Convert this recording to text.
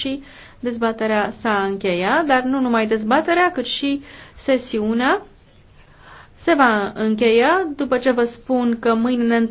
și dezbaterea s-a încheiat, dar nu numai dezbaterea, cât și sesiunea se va încheia după ce vă spun că mâine ne